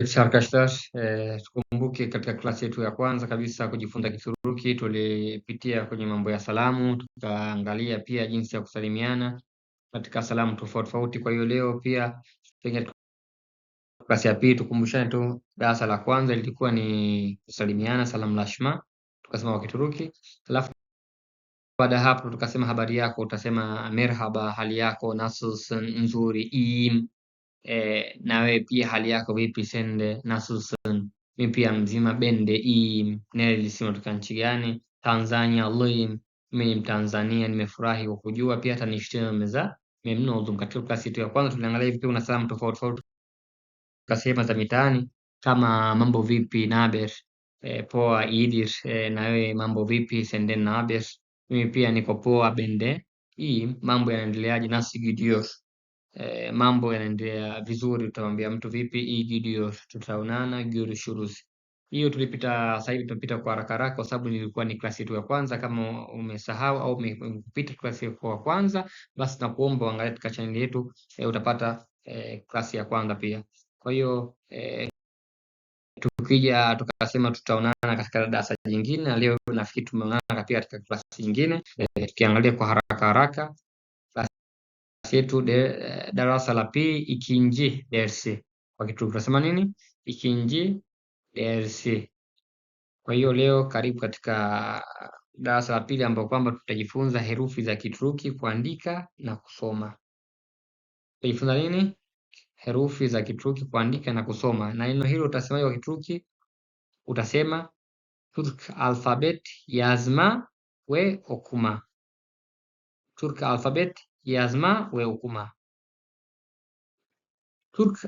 Sisi arkadaşlar, e, eh, tukumbuke katika klasi yetu ya kwanza kabisa kujifunza Kituruki tulipitia kwenye mambo ya salamu, tukaangalia pia jinsi ya kusalimiana katika salamu tofauti tofauti. Kwa hiyo leo pia pengine klasi ya pili tukumbushane tu, darasa la kwanza lilikuwa ni kusalimiana, salamu la shma, tukasema kwa Kituruki. Alafu baada hapo tukasema habari yako, utasema merhaba, hali yako, nasus nzuri, iyim Eh, na wewe pia hali yako vipi? Sende na Susan mi pia mzima bende hii nelilisima toka nchi gani? Tanzania lim mi ni Mtanzania, nimefurahi kwa kujua pia hata nishteno meza memnozum. Katika klasi yetu ya kwanza tuliangalia hivi pia una salamu tofauti tofauti kasema za mitaani kama mambo vipi naber, e, eh, poa idir, e, eh, na wewe mambo vipi sendeni naber, mimi pia niko poa bende, hii mambo yanaendeleaje? nasi gidios e, mambo yanaendelea vizuri, tutamwambia mtu vipi, hii tutaonana tutaonana shuruzi Hiyo tulipita, sasa hivi tumepita kwa haraka haraka kwa sababu nilikuwa ni klasi yetu ya kwanza. Kama umesahau au umepita klasi yetu ya kwanza, basi nakuomba uangalie katika chaneli yetu e, utapata e, eh, klasi ya kwanza pia. Kwa hiyo e, tukija tukasema tutaonana katika darasa jingine, na leo nafikiri tumeonana pia katika klasi nyingine e, tukiangalia kwa haraka haraka yetu eh, darasa la pili ikinji DRC. Kwa kitu tunasema nini? Ikinji DRC. Kwa hiyo leo karibu katika darasa la pili ambapo kwamba tutajifunza herufi za Kituruki kuandika na kusoma. Tutajifunza nini? Herufi za Kituruki kuandika na kusoma. Na neno hilo utasema kwa Kituruki utasema Turk alfabet yazma ve okuma. Turk alfabet Yazma ve okuma. Türk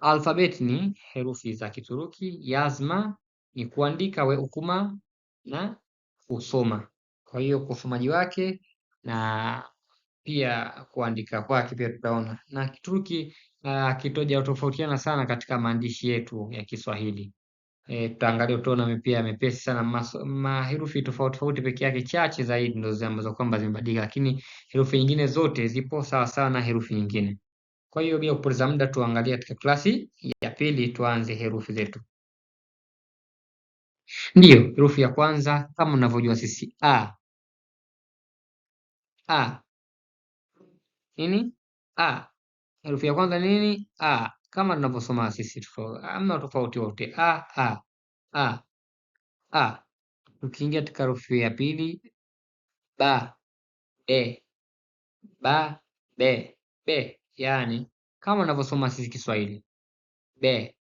alfabeti ni herufi za Kituruki. Yazma ni kuandika weukuma na kusoma. Kwa hiyo kwa usomaji wake na pia kuandika kwake pia tutaona, na Kituruki uh, kitoja tofautiana sana katika maandishi yetu ya Kiswahili. E, eh, tutaangalia utaona pia mepesi sana mas, maherufi tofauti tofauti peke yake chache zaidi ndio ambazo kwamba zimebadilika, lakini herufi nyingine zote zipo sawa sawa na herufi nyingine. Kwa hiyo bila kupoteza muda, tuangalie katika klasi ya pili, tuanze herufi zetu. Ndiyo, herufi ya kwanza kama unavyojua sisi a a nini a, herufi ya kwanza nini a kama tunavyosoma sisi, amna tofauti wote. a a a a. Tukiingia katika herufi ya pili ba be ba be be, yani kama tunaposoma sisi Kiswahili be.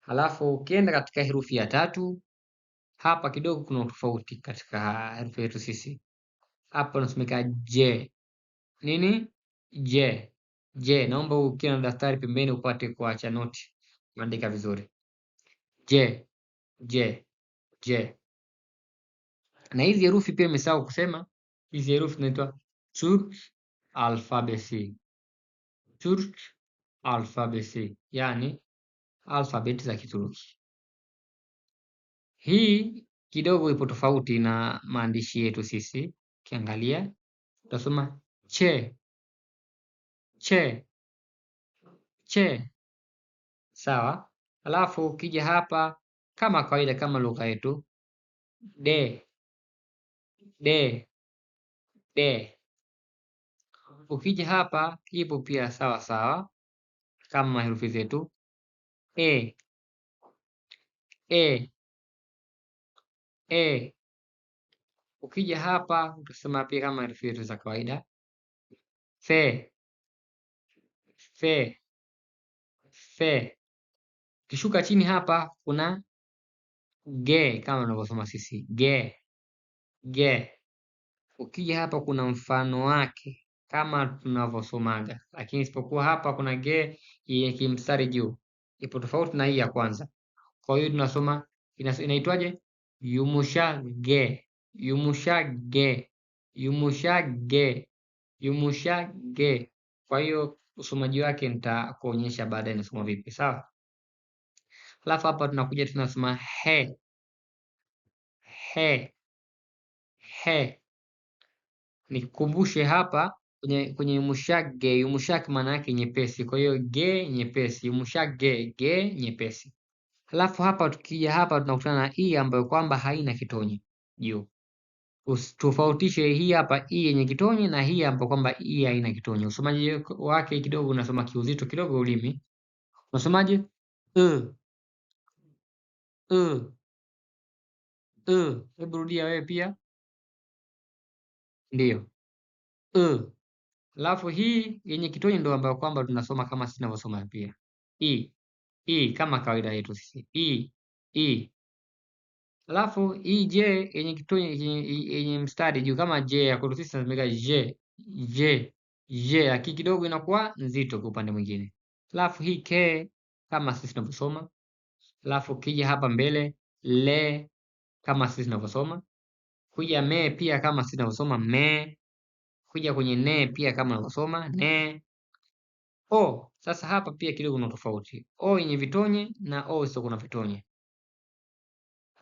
Halafu ukienda katika herufi ya tatu, hapa kidogo kuna tofauti katika herufi yetu sisi, hapa unasomeka je nini je Je, naomba ukiwa na daftari pembeni upate kuacha noti. Andika vizuri. Je, je, je. Na hizi herufi pia imesahau kusema, hizi herufi zinaitwa Turk alfabesi. Turk alfabesi, yani alfabeti za Kituruki. Hii kidogo ipo tofauti na maandishi yetu sisi. Ukiangalia utasoma che che che, sawa. Alafu ukija hapa kama kawaida, kama lugha yetu de de de. Ukija hapa ipo pia sawa sawa kama herufi zetu e e e. Ukija hapa utasema pia kama herufi zetu za kawaida fe fe fe. Ukishuka chini hapa kuna ge kama unavyosoma sisi ge ge. Ukija hapa kuna mfano wake kama tunavyosomaga, lakini isipokuwa hapa kuna ge yenye kimstari juu, ipo tofauti na hii ya kwanza. Kwa hiyo tunasoma inaitwaje? Yumusha ge yumusha ge yumusha ge yumusha ge. Kwa hiyo usomaji wake nitakuonyesha baadaye nasoma vipi, sawa? Alafu hapa tunakuja tunasema he he he. Nikukumbushe hapa kwenye kwenye mushage yumushage maana yake nyepesi, kwa hiyo ge nyepesi, yumushage ge nyepesi. Alafu hapa tukija hapa tunakutana na i ambayo kwamba haina kitonyi juu. Tofautishe hii hapa i yenye kitonyi na hii hapa kwamba i haina kitonyi. Usomaji wake kidogo unasoma kiuzito kidogo ulimi. Unasomaje? E. E. E. Hebu rudia wewe pia. Ndiyo. E. Alafu hii yenye kitonyi ndio ambayo kwamba tunasoma kama sisi tunavyosoma pia. I. I kama kawaida yetu sisi. I. I. Alafu hii j yenye kitu yenye mstari juu kama j ya kuruthisha inatumika j j j, aki kidogo inakuwa nzito kwa upande mwingine. Alafu hii k kama sisi tunavyosoma. Alafu kija hapa mbele le kama sisi tunavyosoma. Kuja me pia kama sisi tunavyosoma me. Kuja kwenye ne pia kama tunavyosoma ne. O sasa hapa pia kidogo kuna tofauti. O yenye vitonye na o sio kuna vitonye.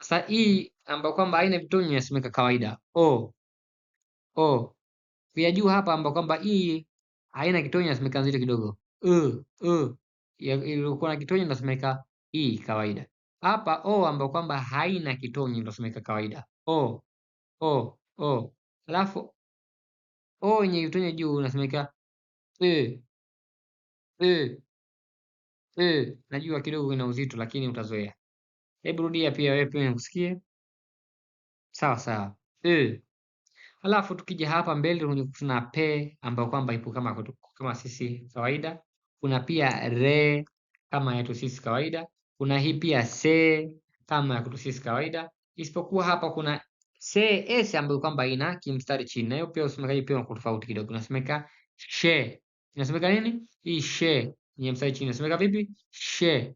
Sasa hii ambayo kwamba haina vitonyo inasemeka kawaida o o. Pia juu hapa ambayo kwamba hii haina kitonyo inasemeka nzito kidogo u u, ilikuwa na kitonyo inasemeka i kawaida. Hapa o ambayo kwamba haina kitonyo inasemeka kawaida o o o. Alafu o yenye kitonyo juu inasemeka e e e. Najua kidogo ina uzito, lakini utazoea. Hebu rudia pia wewe pia nikusikie. Sawa sawa. E. Alafu tukija hapa mbele tuna pe ambayo kwamba ipo kama kama sisi kawaida. Kuna pia re kama yetu sisi kawaida. Kuna hii pia se kama yetu sisi kawaida. Isipokuwa hapa kuna se CS ambayo kwamba ina kimstari chini. Nayo pia usemekaji pia unakuwa tofauti kidogo. Unasemeka she. Inasemeka nini? Hii she yenye mstari chini. Unasemeka vipi? She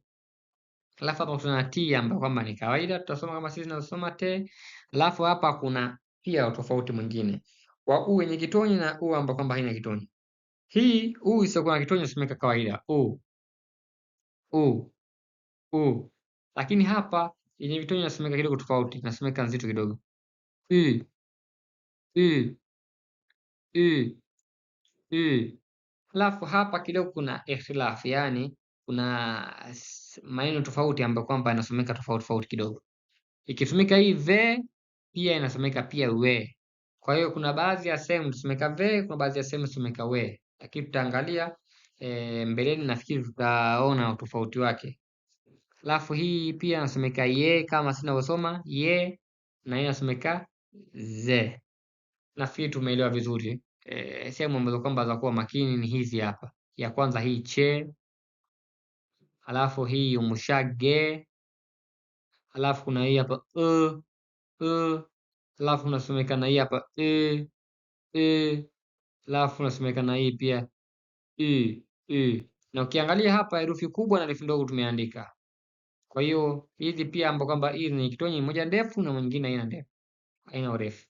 alafu hapa tuna t ambayo kwamba ni kawaida tutasoma kama sisi tunasoma t. alafu hapa kuna pia tofauti mwingine wa u yenye kitonyi na u ambayo kwamba haina kitonyi. Hii u isiyokuwa na kitonyi husomeka kawaida u u u, lakini hapa yenye vitonyo inasomeka kidogo tofauti, inasomeka nzito kidogo i i i i. Alafu hapa kidogo kuna ikhtilafu, yani kuna maneno tofauti ambayo kwamba yanasomeka tofauti tofauti kidogo. Ikisomeka hii ve pia inasomeka pia we. Kwa hiyo kuna baadhi ya sehemu tusomeka ve, kuna baadhi ya sehemu tusomeka we, lakini tutaangalia e, mbeleni nafikiri tutaona utofauti wake. Alafu hii pia inasomeka ye kama sinavyosoma ye, na hii inasomeka ze. Nafikiri tumeelewa vizuri. E, sehemu ambazo kwamba za kuwa makini ni hizi hapa. Ya kwanza hii che halafu hii umshage, halafu kuna hii hapa e, e, halafu unasomekana hii hapa e, e, halafu unasomekana hii pia e, e. Na ukiangalia hapa herufi kubwa na herufi ndogo tumeandika. Kwa hiyo hizi pia ambapo kwamba hii ni kitonyi moja ndefu na mwingine haina ndefu, haina urefu.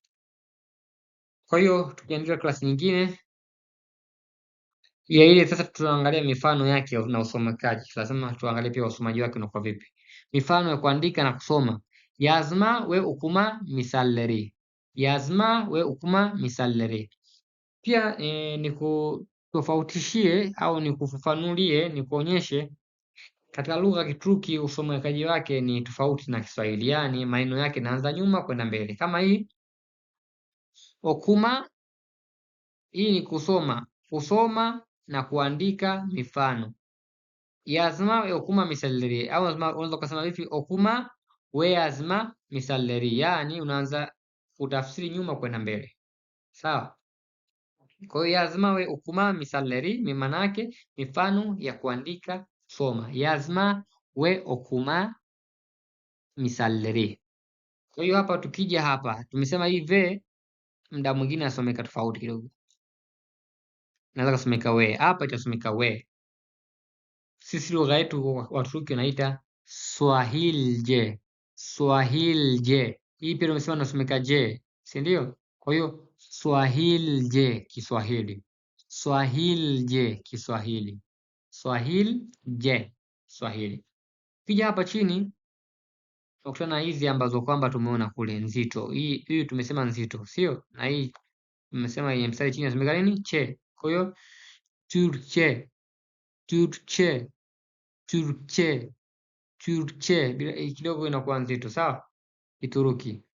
Kwa hiyo tukiendelea klasi nyingine ya ile sasa tunaangalia mifano yake na usomekaji. Lazima tuangalie pia usomaji wake unakuwa vipi. Mifano ya kuandika na kusoma. Yazma we ukuma misalleri. Yazma we ukuma misalleri. Pia e, nikutofautishie au nikufafanulie, nikuonyeshe katika lugha ya Kituruki usomekaji wake ni tofauti na Kiswahili, yani maneno yake naanza nyuma kwenda mbele. Kama hii okuma, hii ni kusoma. Kusoma na kuandika mifano yazma okuma misalleri au unaweza kusema hivi okuma we yazma misalleri, yani unaanza kutafsiri nyuma kwenda mbele, sawa. Kwa hiyo yazma we okuma misalleri ni maana yake mifano ya kuandika soma, yazma we okuma misalleri. Kwa hiyo hapa tukija hapa tumesema hivi, muda mwingine asomeka tofauti kidogo naweza kusemeka we. Hapa itasemeka we. Sisi lugha yetu Waturuki wanaita Swahilje. Swahilje. Hii pia tumesema inasomeka je, si ndio? Kwa hiyo Swahilje Kiswahili. Swahilje Kiswahili. Swahilje Swahili. Kija hapa chini na hizi ambazo kwamba tumeona kule nzito. Hii hii tumesema nzito, sio? Na hii tumesema yenye mstari chini nasemeka nini? Che koyuyor. Türkçe, Türkiye, Türkiye, Türkiye bila kidogo inakuwa nzito, sawa? Kituruki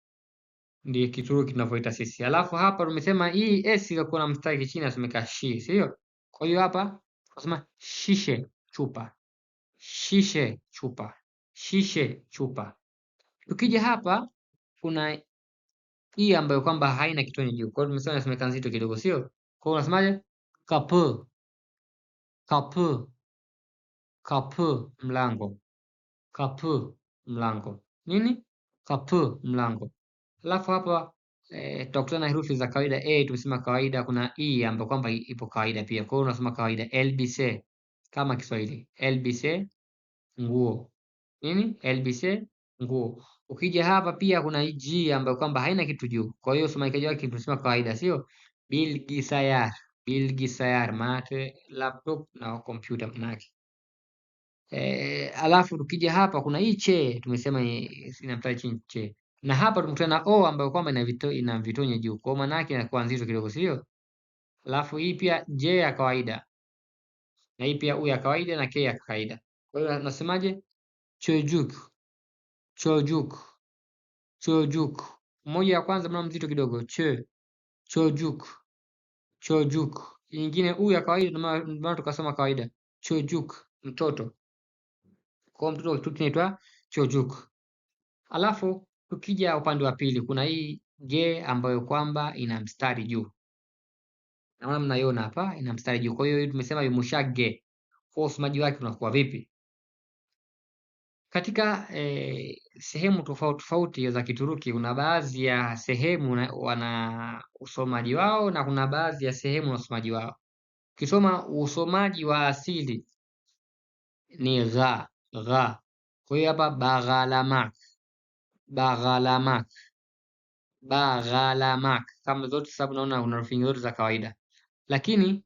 ndiye Kituruki tunavyoita sisi. Alafu hapa tumesema hii s ilikuwa na mstari chini inasomeka shi, si hiyo? Kwa hiyo hapa tunasema shishe chupa, shishe chupa, shishe chupa. Tukija hapa kuna hii ambayo kwamba haina kitone juu, kwa hiyo tumesema inasemeka nzito kidogo, sio? Kwa hiyo unasemaje? kapı kapı kapı mlango kapı mlango nini kapı mlango alafu hapa e, eh, tutakutana herufi za kawaida a tumesema kawaida kuna e ambayo kwamba ipo kawaida pia kwa hiyo unasema kawaida LBC kama Kiswahili LBC nguo nini LBC nguo ukija hapa pia kuna g ambayo kwamba haina kitu juu kwa hiyo usomaikaji wake tunasema kawaida sio bilgisayar bilgisayar make laptop na kompyuta make E, eh, alafu tukija hapa kuna hii che tumesema inamtaja chini che na hapa tunakutana na o ambayo kwamba ina vito, ina vitonye juu kwa maana yake inakuwa nzito kidogo, sio? Alafu hii pia j ya kawaida na hii pia u ya kawaida na k ya kawaida. Kwa hiyo nasemaje? chojuk chojuk chojuk Moja ya kwanza mna mzito kidogo che, çocuk chojuk. Nyingine u ya kawaida maana tukasoma kawaida. chojuk, mtoto. Kwa mtoto tunaitwa chojuk Alafu tukija upande wa pili kuna hii ge ambayo kwamba ina mstari juu. Naona mnaiona hapa ina mstari juu. Kwa hiyo tumesema yumushage. Kwa usomaji wake unakuwa vipi? Katika e, sehemu tofauti tofauti za Kituruki kuna baadhi ya sehemu wana usomaji wao na kuna baadhi ya sehemu na usomaji wao. Ukisoma usomaji wa asili ni gha gha, kwa hiyo hapa baghalamak baghalamak baghalamak, kama zote sababu naona kuna herufi zote za kawaida, lakini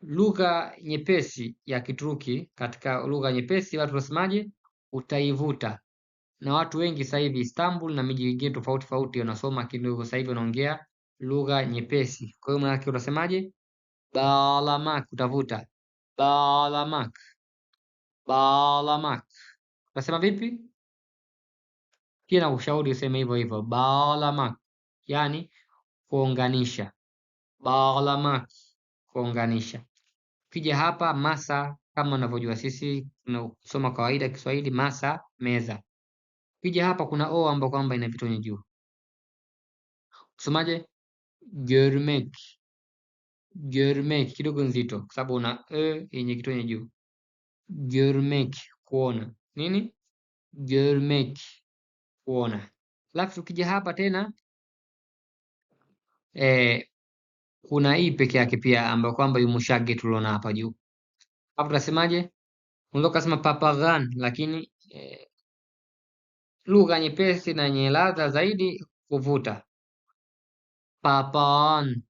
lugha nyepesi ya Kituruki, katika lugha nyepesi watu wasemaje? utaivuta na watu wengi sasa hivi Istanbul na miji mingine tofauti tofauti wanasoma kidogo sasa hivi wanaongea lugha nyepesi. Kwa hiyo maanake utasemaje? Balamak, utavuta balamak, balamak. Utasema vipi? Pia ushauri useme hivyo hivyo balamak, yani kuunganisha. balamak, kuunganisha. Ukija hapa masa kama unavyojua sisi tunasoma kawaida Kiswahili masa, meza. Ukija hapa kuna o ambayo kwamba inapita kwenye juu. Usomaje? Görmek. Görmek kidogo nzito kwa sababu una e yenye kwenye juu. Görmek kuona. Nini? Görmek kuona. Alafu ukija hapa tena eh, kuna hii peke yake pia ambayo kwamba yumushage tuliona hapa juu hapo tunasemaje? Unaweza kusema papagan, lakini eh, lugha nyepesi na yenye ladha zaidi kuvuta. papan,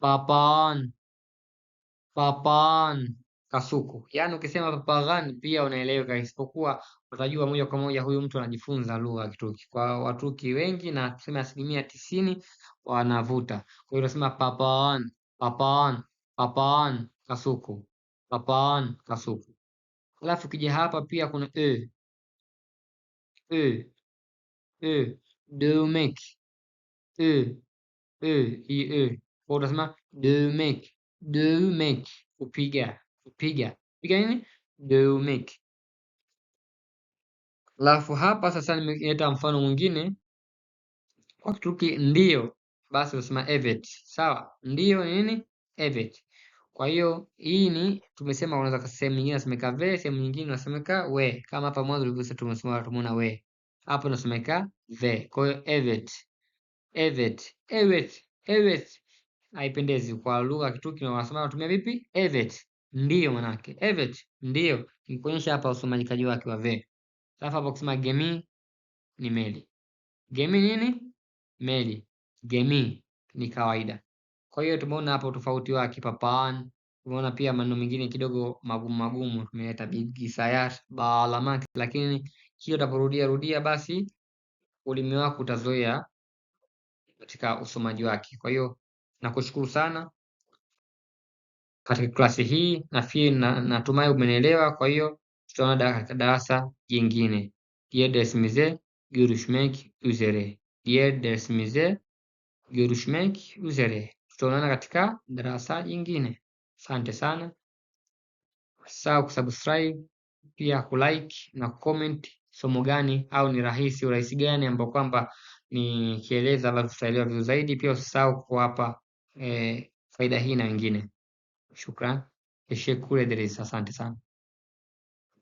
papan, papan kasuku. Yaani ukisema papagan pia unaeleweka, isipokuwa utajua moja kwa moja huyu mtu anajifunza lugha ya Kituruki. Kwa Waturuki wengi na tuseme asilimia tisini wanavuta. Kwa hiyo unasema papan, papan, papan kasuku. Kapaan kafuku. Alafu kija hapa pia kuna e e e dömek e e i e kwa utasema dömek dömek kupiga kupiga piga nini dömek. Alafu hapa sasa nimeleta mfano mwingine kwa Kituruki ndio, basi unasema evet. Sawa, ndio nini evet kwa hiyo hii ni tumesema, unaweza sehemu nyingine unasemeka ve, sehemu nyingine unasemeka we, kama hapa mwanzo ulivyosema, tumesema, tumeona we hapo unasemeka ve. Kwa hiyo evet, evet, evet, evet haipendezi kwa lugha Kituruki, wanasema unatumia vipi? Evet, ndio manake evet, ndio nikuonyesha hapa usomajikaji wake wa ve. Alafu hapo kusema gemi ni meli, gemi nini? Meli, gemi ni kawaida. Kwa hiyo tumeona hapo utofauti wake Papaan. Tumeona pia maneno mengine kidogo magumu magumu, tumeleta big sayat baalamat, lakini hiyo utaporudia rudia, basi ulimi wako utazoea katika usomaji wake. Kwa hiyo nakushukuru sana katika klasi hii, nafikiri na, natumai umenielewa. Kwa hiyo tutaona katika darasa jingine. Diğer dersimize görüşmek üzere. Diğer dersimize görüşmek üzere. Tutaonana katika darasa jingine. Asante sana. Usisahau kusubscribe pia kulike na comment somo gani au ni rahisi urahisi gani ambao kwamba nikieleza basi tutaelewa vizuri zaidi. Pia usisahau kuwapa e, faida hii na wengine. Shukran. kule Derisa, asante sana.